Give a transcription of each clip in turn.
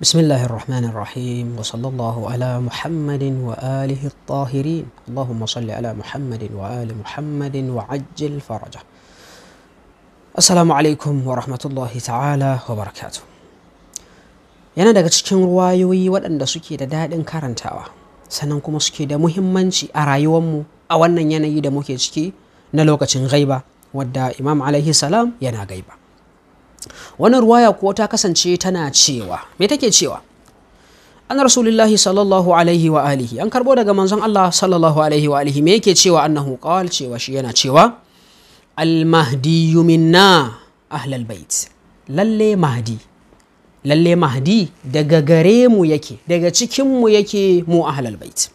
بسم الله الرحمن الرحيم وصلى الله على محمد وآله الطاهرين اللهم صل على محمد وآل محمد وعجل فرجه السلام عليكم ورحمة الله تعالى وبركاته yana daga cikin ruwayoyi waɗanda suke da daɗin karantawa sannan kuma suke da muhimmanci a rayuwarmu a wannan yanayi da muke ciki na lokacin gaiba wadda imam alaihi salam yana gaiba Wani ruwaya kuwa ta kasance tana cewa me take cewa an rasulullahi sallallahu alaihi wa alihi an karbo daga manzon Allah sallallahu alaihi wa alihi me yake cewa annahu qal cewa shi yana cewa al mahdi minna ahlal bait lalle mahdi lalle mahdi daga gare mu yake daga cikin mu yake mu ahlal bait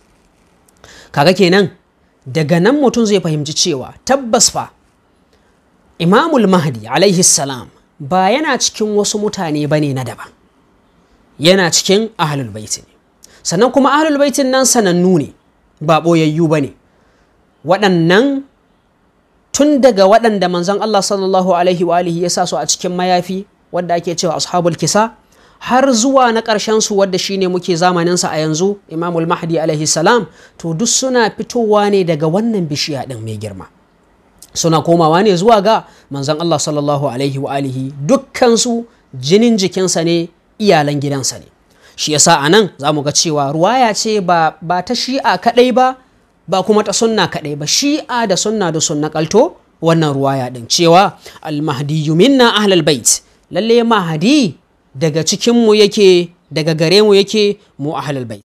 kaga kenan daga nan mutum zai fahimci cewa tabbas fa imamul mahdi alaihi salam ba yana cikin wasu mutane bane na daban yana cikin ahlul baiti sannan kuma ahlul baitin nan sanannu ne ba boyayyu ne waɗannan tun daga waɗanda manzon Allah sallallahu alaihi wa alihi ya sa su a cikin mayafi wadda ake cewa ashabul kisa har zuwa na ƙarshen su wadda shine muke zamaninsa a yanzu imamul mahdi alaihi salam to duk suna fitowa ne daga wannan bishiya ɗin mai girma suna komawa ne zuwa ga manzon Allah sallallahu alaihi wa alihi dukkansu jinin jikinsa ne iyalan gidansa ne shi yasa a nan za mu ga cewa ruwaya ce ba, ta shi'a kaɗai ba ba kuma ta sunna kaɗai ba shi'a da sunna da sunna kalto wannan ruwaya ɗin cewa almahdiyu minna ahlal bait lalle mahadi daga cikinmu yake daga gare mu yake mu ahlal bait